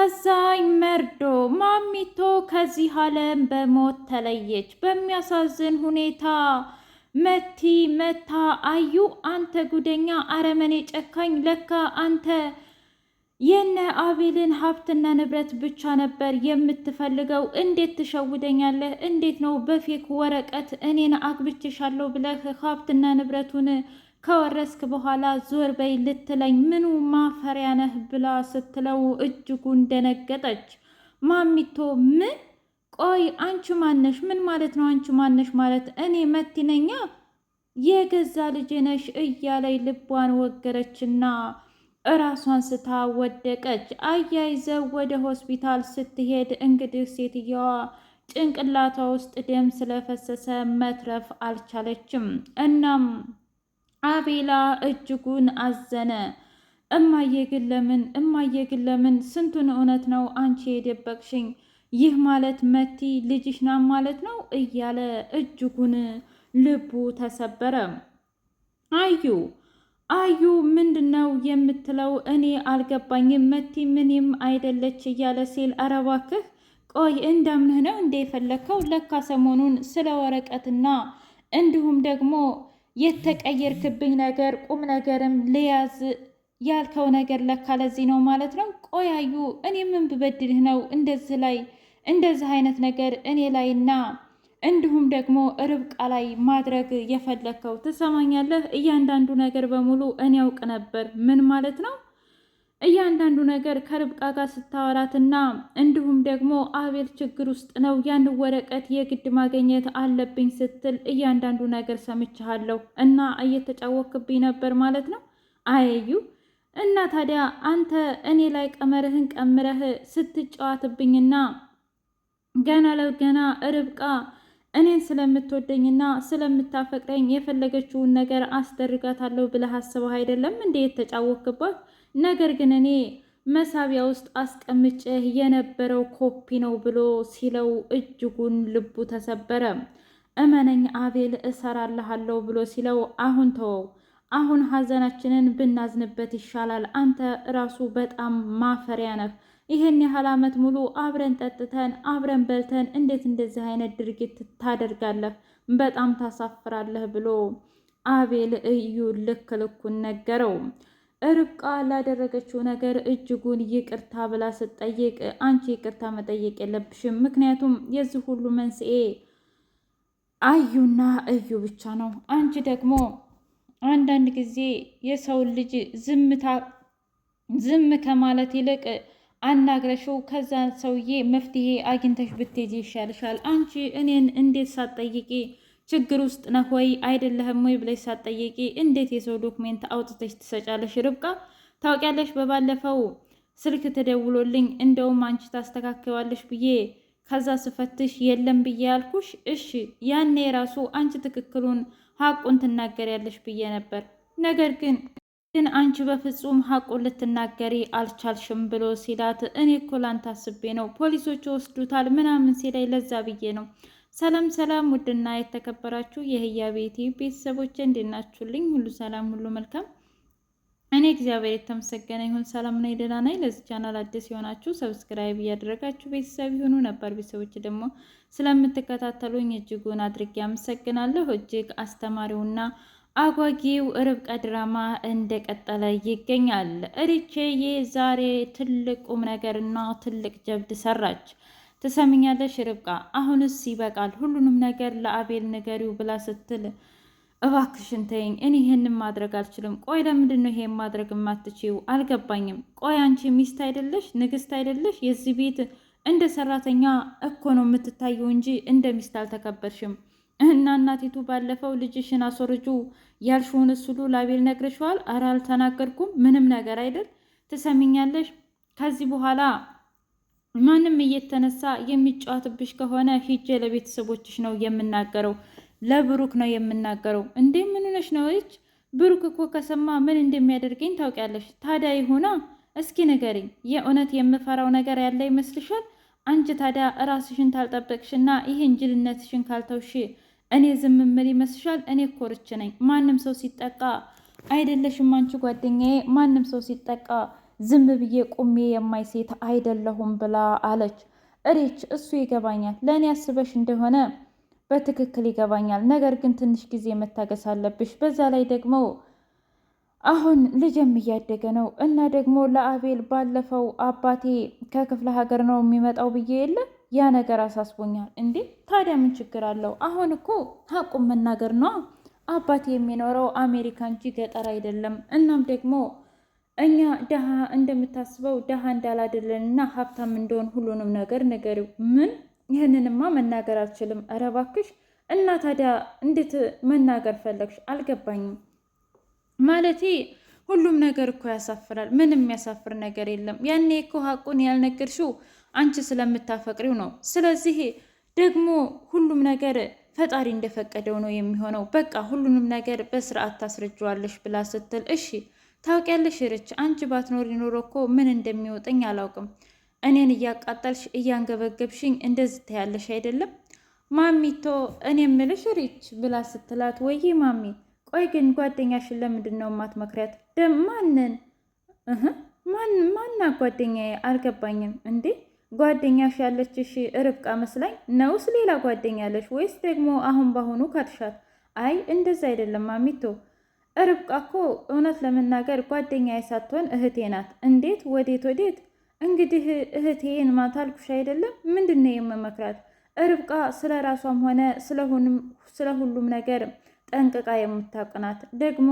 አሳዛኝ መርዶ ማሚቶ ከዚህ ዓለም በሞት ተለየች። በሚያሳዝን ሁኔታ መቲ መታ አዩ አንተ ጉደኛ አረመኔ ጨካኝ፣ ለካ አንተ የነ አቤልን ሀብትና ንብረት ብቻ ነበር የምትፈልገው። እንዴት ትሸውደኛለህ? እንዴት ነው በፌክ ወረቀት እኔን አግብቼሻለሁ ብለህ ሀብትና ንብረቱን ከወረስክ በኋላ ዞር በይ ልትለኝ ምኑ ማፈሪያ ነህ ብላ ስትለው እጅጉን ደነገጠች። ማሚቶ ምን ቆይ አንቺ ማነሽ? ምን ማለት ነው አንቺ ማነሽ ማለት? እኔ መቲነኛ የገዛ ልጅነሽ ነሽ እያለይ ልቧን ወገረችና እራሷን ስታ ወደቀች። አያይዘው ወደ ሆስፒታል ስትሄድ እንግዲህ ሴትየዋ ጭንቅላቷ ውስጥ ደም ስለፈሰሰ መትረፍ አልቻለችም። እናም አቤላ እጅጉን አዘነ። እማዬ ግን ለምን እማዬ ግን ለምን ስንቱን እውነት ነው አንቺ የደበቅሽኝ? ይህ ማለት መቲ ልጅሽ ናም ማለት ነው እያለ እጅጉን ልቡ ተሰበረ። አዩ አዩ ምንድን ነው የምትለው? እኔ አልገባኝም። መቲ ምንም አይደለች እያለ ሲል ኧረ እባክህ ቆይ እንዳምንህ ነው እንደ የፈለግከው ለካ ሰሞኑን ስለ ወረቀትና እንዲሁም ደግሞ የተቀየርክብኝ ነገር ቁም ነገርም ልያዝ ያልከው ነገር ለካ ለዚህ ነው ማለት ነው። ቆያዩ እኔ ምን ብበድልህ ነው እንደዚህ ላይ እንደዚህ አይነት ነገር እኔ ላይ እንዲሁም ደግሞ ርብቃ ላይ ማድረግ የፈለግከው? ትሰማኛለህ? እያንዳንዱ ነገር በሙሉ እኔ ያውቅ ነበር። ምን ማለት ነው? እያንዳንዱ ነገር ከርብቃ ጋር ስታወራትና እንዲሁም ደግሞ አቤል ችግር ውስጥ ነው ያን ወረቀት የግድ ማግኘት አለብኝ ስትል እያንዳንዱ ነገር ሰምቻለሁ እና እየተጫወክብኝ ነበር ማለት ነው። አየዩ እና ታዲያ አንተ እኔ ላይ ቀመርህን ቀምረህ ስትጫወትብኝና ገና ለገና ርብቃ እኔን ስለምትወደኝና ስለምታፈቅረኝ የፈለገችውን ነገር አስደርጋታለሁ ብለህ አስበህ አይደለም እንዴ የተጫወክባት? ነገር ግን እኔ መሳቢያ ውስጥ አስቀምጬ የነበረው ኮፒ ነው ብሎ ሲለው እጅጉን ልቡ ተሰበረ። እመነኝ አቤል እሰራልሃለሁ ብሎ ሲለው አሁን ተወው፣ አሁን ሀዘናችንን ብናዝንበት ይሻላል። አንተ ራሱ በጣም ማፈሪያ ነህ። ይህን ያህል ዓመት ሙሉ አብረን ጠጥተን አብረን በልተን እንዴት እንደዚህ አይነት ድርጊት ታደርጋለህ? በጣም ታሳፍራለህ ብሎ አቤል እዩ ልክ ልኩን ነገረው። ርብቃ ላደረገችው ነገር እጅጉን ይቅርታ ብላ ስትጠይቅ አንቺ ይቅርታ መጠየቅ የለብሽም፣ ምክንያቱም የዚህ ሁሉ መንስኤ አዩና እዩ ብቻ ነው። አንቺ ደግሞ አንዳንድ ጊዜ የሰውን ልጅ ዝምታ ዝም ከማለት ይልቅ አናግረሽው ከዛ ሰውዬ መፍትሄ አግኝተሽ ብትሄጂ ይሻልሻል። አንቺ እኔን እንዴት ሳትጠይቂ ችግር ውስጥ ነህ ወይ አይደለህም ወይ ብለሽ ሳትጠይቂ እንዴት የሰው ዶክሜንት አውጥተሽ ትሰጫለሽ? ርብቃ ታውቂያለሽ፣ በባለፈው ስልክ ተደውሎልኝ እንደውም አንቺ ታስተካክዋለሽ ብዬ ከዛ ስፈትሽ የለም ብዬ ያልኩሽ፣ እሺ ያኔ የራሱ አንቺ ትክክሉን ሀቁን ትናገሪያለሽ ብዬ ነበር። ነገር ግን ግን አንቺ በፍጹም ሀቁን ልትናገሪ አልቻልሽም ብሎ ሲላት፣ እኔ እኮ ላንተ አስቤ ነው ፖሊሶች ወስዱታል ምናምን ሲላይ ለዛ ብዬ ነው ሰላም ሰላም፣ ውድና የተከበራችሁ የህያ ቤቴ ቤተሰቦች እንዴት ናችሁልኝ? ሁሉ ሰላም፣ ሁሉ መልካም። እኔ እግዚአብሔር የተመሰገነ ይሁን ሰላም ነኝ፣ ደህና ነኝ። ለዚህ ቻናል አዲስ የሆናችሁ ሰብስክራይብ እያደረጋችሁ ቤተሰብ ይሁኑ። ነበር ቤተሰቦች ደግሞ ስለምትከታተሉኝ እጅጉን አድርጌ አመሰግናለሁ። እጅግ አስተማሪውና አጓጊው ርብቃ ድራማ እንደቀጠለ ይገኛል። እሪቼዬ ዛሬ ትልቅ ቁም ነገርና ትልቅ ጀብድ ሰራች። ትሰምኛለሽ ርብቃ፣ አሁንስ ይበቃል፣ ሁሉንም ነገር ለአቤል ንገሪው ብላ ስትል እባክሽን ተይኝ፣ እኔ ይህንን ማድረግ አልችልም። ቆይ ለምንድን ነው ይሄን ማድረግ የማትችይው? አልገባኝም። ቆይ አንቺ ሚስት አይደለሽ? ንግስት አይደለሽ? የዚህ ቤት እንደ ሰራተኛ እኮ ነው የምትታየው እንጂ እንደ ሚስት አልተከበርሽም። እና እናቲቱ ባለፈው ልጅሽን አስወርጁ ያልሽውን እሱሉ ላቤል ነግርሸዋል። ኧረ አልተናገርኩም፣ ምንም ነገር አይደል። ትሰሚኛለሽ ከዚህ በኋላ ማንም እየተነሳ የሚጫወትብሽ ከሆነ ሂጄ ለቤተሰቦችሽ ነው የምናገረው፣ ለብሩክ ነው የምናገረው። እንዴ ምንነሽ ነው? እች ብሩክ እኮ ከሰማ ምን እንደሚያደርገኝ ታውቂያለሽ። ታዲያ ይሁና እስኪ ንገሪኝ፣ የእውነት የምፈራው ነገር ያለ ይመስልሻል? አንቺ ታዲያ ራስሽን ታልጠበቅሽና ይህን ጅልነትሽን ካልተውሽ እኔ ዝም ምል ይመስልሻል? እኔ እኮ ርች ነኝ። ማንም ሰው ሲጠቃ አይደለሽም አንቺ ጓደኛዬ፣ ማንም ሰው ሲጠቃ ዝም ብዬ ቁሜ የማይ ሴት አይደለሁም ብላ አለች። እሬች እሱ ይገባኛል፣ ለእኔ አስበሽ እንደሆነ በትክክል ይገባኛል። ነገር ግን ትንሽ ጊዜ መታገስ አለብሽ። በዛ ላይ ደግሞ አሁን ልጅም እያደገ ነው እና ደግሞ ለአቤል ባለፈው አባቴ ከክፍለ ሀገር ነው የሚመጣው ብዬ የለ ያ ነገር አሳስቦኛል። እንዴ ታዲያ ምን ችግር አለው? አሁን እኮ ሀቁም መናገር ነው። አባቴ የሚኖረው አሜሪካ እንጂ ገጠር አይደለም። እናም ደግሞ እኛ ደሃ እንደምታስበው ደሃ እንዳላደለን እና ሀብታም እንደሆን ሁሉንም ነገር ንገሪው። ምን ይህንንማ መናገር አልችልም። ኧረ እባክሽ እና ታዲያ እንዴት መናገር ፈለግሽ? አልገባኝም። ማለቴ ሁሉም ነገር እኮ ያሳፍራል። ምንም የሚያሳፍር ነገር የለም። ያኔ እኮ ሀቁን ያልነገርሽው አንቺ ስለምታፈቅሪው ነው። ስለዚህ ደግሞ ሁሉም ነገር ፈጣሪ እንደፈቀደው ነው የሚሆነው። በቃ ሁሉንም ነገር በስርዓት ታስረጅዋለሽ ብላ ስትል እሺ ታውቂያለሽ ርች አንቺ ባትኖሪ ኖሮ እኮ ምን እንደሚወጠኝ አላውቅም። እኔን እያቃጠልሽ እያንገበገብሽኝ እንደዚህ ትያለሽ አይደለም ማሚቶ። እኔ ምልሽ ርች ብላ ስትላት፣ ወይ ማሚ፣ ቆይ ግን ጓደኛሽን ለምንድን ነው መክሪያት? ማንን ማና ጓደኛዬ? አልገባኝም እንዴ ጓደኛሽ ያለችሽ ርብቃ መስላኝ ነውስ? ሌላ ጓደኛ ያለሽ ወይስ ደግሞ አሁን በአሁኑ ካትሻት? አይ እንደዛ አይደለም ማሚቶ ርብቃ እኮ እውነት ለመናገር ጓደኛዬ ሳትሆን እህቴ ናት። እንዴት ወዴት ወዴት? እንግዲህ እህቴን ማታልኩሽ አይደለም? ምንድን ነው የምመክራት? ርብቃ ስለ ራሷም ሆነ ስለ ሁሉም ነገር ጠንቅቃ የምታቅናት ደግሞ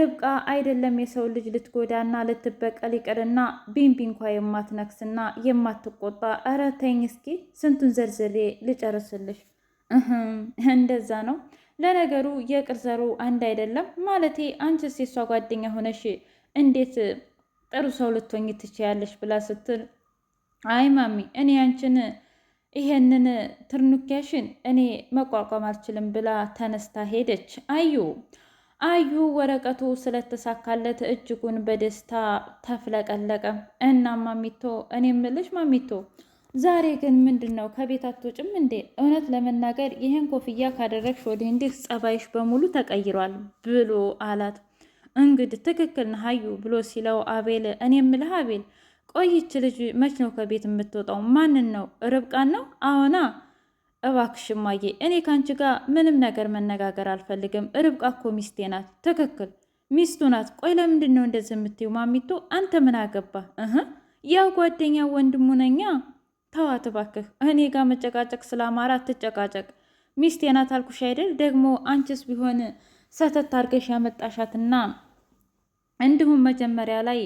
ርብቃ አይደለም የሰው ልጅ ልትጎዳና ልትበቀል ይቅርና ቢንቢ እንኳ የማትነክስና የማትቆጣ ኧረ ተይኝ እስኪ ስንቱን ዘርዝሬ ልጨርስልሽ። እንደዛ ነው ለነገሩ የቅር ዘሩ አንድ አይደለም ማለቴ፣ አንቺስ የሷ ጓደኛ ሆነሽ እንዴት ጥሩ ሰው ልትሆኝ ትችያለሽ? ብላ ስትል አይ ማሚ፣ እኔ አንቺን ይሄንን ትርኑኪያሽን እኔ መቋቋም አልችልም ብላ ተነስታ ሄደች። አዩ አዩ ወረቀቱ ስለተሳካለት እጅጉን በደስታ ተፍለቀለቀ። እና ማሚቶ እኔ ምልሽ ማሚቶ ዛሬ ግን ምንድን ነው ከቤት አትወጭም እንዴ? እውነት ለመናገር ይህን ኮፍያ ካደረግሽ ወዲህ እንዲህ ጸባይሽ በሙሉ ተቀይሯል ብሎ አላት። እንግዲህ ትክክል ነህ ብሎ ሲለው አቤል እኔ የምልህ አቤል፣ ቆይች ልጅ መች ነው ከቤት የምትወጣው? ማንን ነው? ርብቃን ነው? አዎና። እባክሽ እማዬ፣ እኔ ከአንቺ ጋር ምንም ነገር መነጋገር አልፈልግም። ርብቃ እኮ ሚስቴ ናት። ትክክል ሚስቱ ናት። ቆይ ለምንድን ነው እንደዚህ የምትይው? ማሚቶ አንተ ምን አገባ? ያው ጓደኛ ወንድሙ ነኛ ተዋት እባክህ። እኔ ጋር መጨቃጨቅ ስለአማራ አትጨቃጨቅ። ሚስቴ ናት አልኩሽ አይደል? ደግሞ አንቺስ ቢሆን ሰተት አድርገሽ ያመጣሻትና እንዲሁም መጀመሪያ ላይ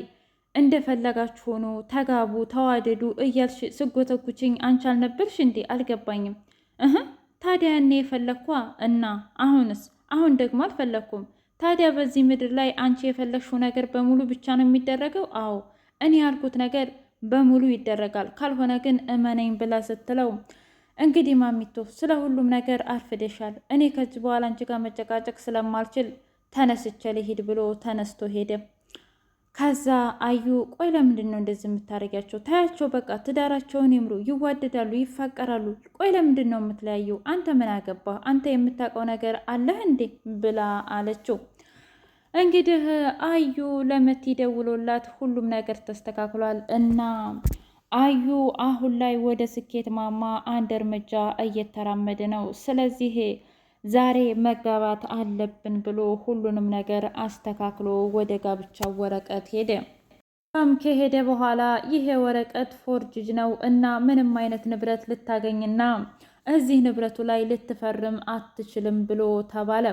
እንደፈለጋችሁ ሆኖ ተጋቡ፣ ተዋደዱ እያልሽ ስጎተጉችኝ አንቺ አልነበርሽ እንዴ? አልገባኝም እህ ታዲያ እኔ የፈለግኳ እና አሁንስ? አሁን ደግሞ አልፈለግኩም። ታዲያ በዚህ ምድር ላይ አንቺ የፈለግሽው ነገር በሙሉ ብቻ ነው የሚደረገው? አዎ እኔ ያልኩት ነገር በሙሉ ይደረጋል። ካልሆነ ግን እመነኝ ብላ ስትለው እንግዲህ ማሚቶ ስለ ሁሉም ነገር አርፍደሻል። እኔ ከዚህ በኋላ አንቺ ጋር መጨቃጨቅ ስለማልችል ተነስቼ ልሂድ ብሎ ተነስቶ ሄደ። ከዛ አዩ ቆይ ለምንድን ነው እንደዚህ የምታደርጊያቸው? ታያቸው በቃ ትዳራቸውን ይምሩ፣ ይዋደዳሉ፣ ይፋቀራሉ። ቆይ ለምንድን ነው የምትለያየው? አንተ ምን አገባ? አንተ የምታውቀው ነገር አለህ እንዴ? ብላ አለችው። እንግዲህ አዩ ለምት ይደውሎላት ሁሉም ነገር ተስተካክሏል እና አዩ አሁን ላይ ወደ ስኬት ማማ አንድ እርምጃ እየተራመደ ነው። ስለዚህ ዛሬ መጋባት አለብን ብሎ ሁሉንም ነገር አስተካክሎ ወደ ጋብቻው ወረቀት ሄደ። ም ከሄደ በኋላ ይሄ ወረቀት ፎርጅጅ ነው እና ምንም አይነት ንብረት ልታገኝና እዚህ ንብረቱ ላይ ልትፈርም አትችልም ብሎ ተባለ።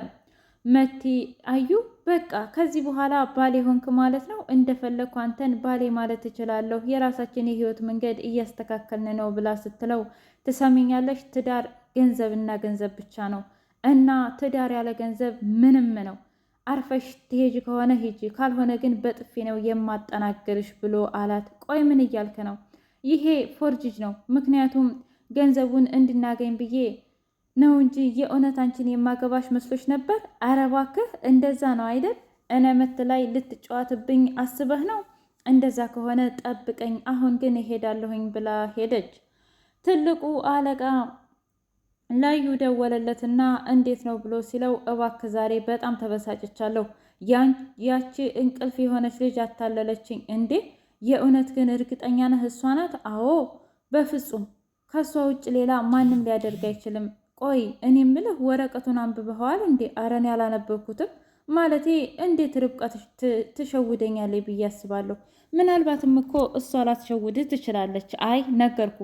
መቲ አዩ በቃ ከዚህ በኋላ ባሌ ሆንክ ማለት ነው። እንደፈለግኩ አንተን ባሌ ማለት እችላለሁ። የራሳችን የህይወት መንገድ እያስተካከልን ነው ብላ ስትለው ትሰሚኛለሽ፣ ትዳር ገንዘብና ገንዘብ ብቻ ነው እና ትዳር ያለ ገንዘብ ምንም ነው። አርፈሽ ትሄጅ ከሆነ ሂጂ፣ ካልሆነ ግን በጥፊ ነው የማጠናገርሽ ብሎ አላት። ቆይ ምን እያልክ ነው? ይሄ ፎርጅጅ ነው። ምክንያቱም ገንዘቡን እንድናገኝ ብዬ ነው እንጂ የእውነት አንቺን የማገባሽ መስሎች ነበር። አረ እባክህ እንደዛ ነው አይደል? ምት ላይ ልትጫወትብኝ አስበህ ነው? እንደዛ ከሆነ ጠብቀኝ፣ አሁን ግን እሄዳለሁኝ ብላ ሄደች። ትልቁ አለቃ ላዩ ደወለለትና እንዴት ነው ብሎ ሲለው እባክህ ዛሬ በጣም ተበሳጭቻለሁ። ያን ያቺ እንቅልፍ የሆነች ልጅ አታለለችኝ። እንዴ የእውነት ግን እርግጠኛ ነህ እሷ ናት? አዎ በፍጹም ከእሷ ውጭ ሌላ ማንም ሊያደርግ አይችልም ቆይ እኔ ምልህ ወረቀቱን አንብበኸዋል እንዴ? አረ እኔ አላነበብኩትም። ማለቴ እንዴት ርብቃ ትሸውደኛለች ብዬ አስባለሁ። ምናልባትም እኮ እሷ ላትሸውድህ ትችላለች። አይ ነገርኩ፣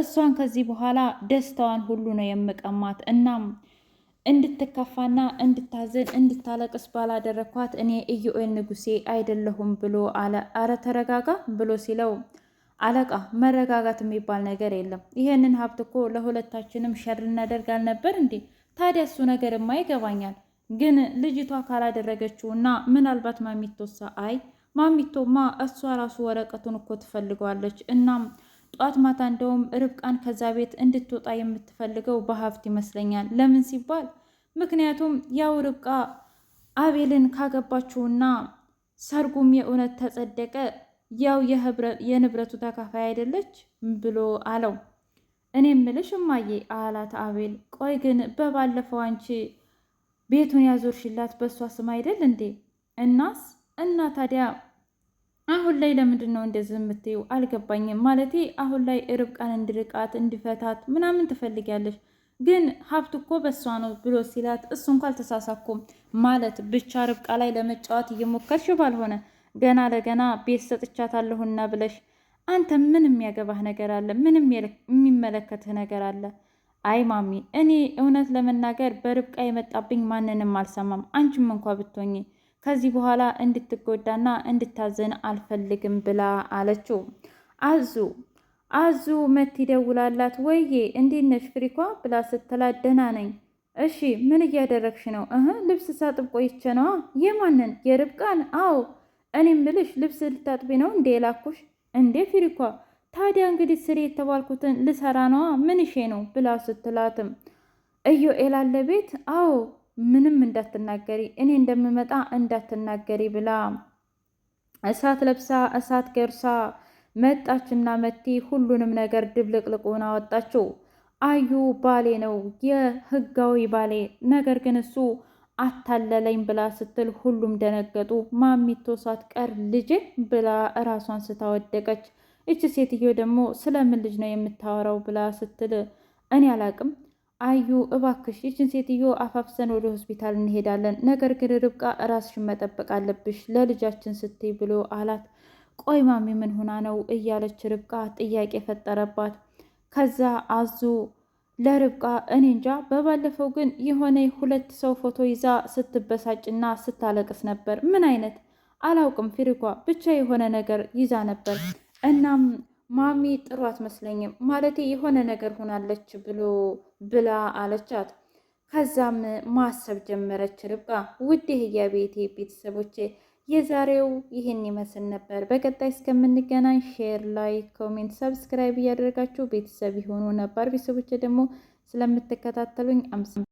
እሷን ከዚህ በኋላ ደስታዋን ሁሉ ነው የምቀማት። እናም እንድትከፋና እንድታዘን እንድታለቅስ ባላደረግኳት እኔ ኢዮኤል ንጉሴ አይደለሁም ብሎ አለ። አረ ተረጋጋ ብሎ ሲለው አለቃ መረጋጋት የሚባል ነገር የለም። ይሄንን ሀብት እኮ ለሁለታችንም ሸር ልናደርግ አልነበር እንዴ? ታዲያ እሱ ነገርማ ይገባኛል። ግን ልጅቷ ካላደረገችው እና ምናልባት ማሚቶሳ አይ ማሚቶማ እሷ ራሱ ወረቀቱን እኮ ትፈልገዋለች። እናም ጧት ማታ እንደውም ርብቃን ከዛ ቤት እንድትወጣ የምትፈልገው በሀብት ይመስለኛል። ለምን ሲባል ምክንያቱም ያው ርብቃ አቤልን ካገባችውና ሰርጉም የእውነት ተጸደቀ ያው የንብረቱ ተካፋይ አይደለች ብሎ አለው። እኔ ምልሽ እማዬ አላት አቤል። ቆይ ግን በባለፈው አንቺ ቤቱን ያዞርሽላት በእሷ ስም አይደል እንዴ? እናስ እና ታዲያ አሁን ላይ ለምንድን ነው እንደዚህ የምትይው? አልገባኝም። ማለቴ አሁን ላይ ርብቃን እንድርቃት እንድፈታት ምናምን ትፈልጊያለሽ? ግን ሀብቱ እኮ በእሷ ነው ብሎ ሲላት እሱ እንኳ አልተሳሳኩም ማለት ብቻ ርብቃ ላይ ለመጫወት እየሞከርሽ ባልሆነ ገና ለገና ቤት ሰጥቻታለሁና ብለሽ አንተ ምን የሚያገባህ ነገር አለ? ምን የሚመለከትህ ነገር አለ? አይ ማሚ፣ እኔ እውነት ለመናገር በርብቃ የመጣብኝ ማንንም አልሰማም። አንቺም እንኳ ብትሆኚ ከዚህ በኋላ እንድትጎዳና እንድታዘን አልፈልግም ብላ አለችው። አዙ አዙ መት ይደውላላት። ወይዬ እንዴት ነሽ ፍሪኳ ብላ ስትላት ደህና ነኝ። እሺ ምን እያደረግሽ ነው? እህ ልብስ ሳጥብ ቆይቼ ነዋ። የማንን የርብቃን? አዎ እኔም ብልሽ ልብስ ልታጥቢ ነው እንዴ ላኩሽ እንዴ ፊሪኳ ታዲያ እንግዲህ ስሪ የተባልኩትን ልሰራ ነዋ ምንሼ ነው ብላ ስትላትም ኢዮኤል አለ ቤት አዎ ምንም እንዳትናገሪ እኔ እንደምመጣ እንዳትናገሪ ብላ እሳት ለብሳ እሳት ገርሳ መጣችና መቲ ሁሉንም ነገር ድብልቅልቁን አወጣችው አዩ ባሌ ነው የህጋዊ ባሌ ነገር ግን እሱ አታለለኝ ብላ ስትል ሁሉም ደነገጡ። ማሚቶ ሳትቀር ልጅ ብላ እራሷን ስታወደቀች፣ እች ሴትዮ ደግሞ ስለምን ልጅ ነው የምታወራው ብላ ስትል እኔ አላቅም አዩ እባክሽ ይችን ሴትዮ አፋፍሰን ወደ ሆስፒታል እንሄዳለን። ነገር ግን ርብቃ እራስሽን መጠበቅ አለብሽ ለልጃችን ስትይ ብሎ አላት። ቆይ ማሚ ምን ሆና ነው እያለች ርብቃ ጥያቄ ፈጠረባት። ከዛ አዙ ለርብቃ እኔ እንጃ። በባለፈው ግን የሆነ ሁለት ሰው ፎቶ ይዛ ስትበሳጭና ስታለቅስ ነበር። ምን አይነት አላውቅም። ፊሪኳ ብቻ የሆነ ነገር ይዛ ነበር። እናም ማሚ ጥሩ አትመስለኝም ማለቴ የሆነ ነገር ሆናለች ብሎ ብላ አለቻት። ከዛም ማሰብ ጀመረች ርብቃ። ውድ የህያ ቤቴ ቤተሰቦቼ የዛሬው ይህን ይመስል ነበር። በቀጣይ እስከምንገናኝ ሼር፣ ላይክ፣ ኮሜንት፣ ሰብስክራይብ እያደረጋችሁ ቤተሰብ የሆኑ ነባር ቤተሰቦች ደግሞ ስለምትከታተሉኝ አምስ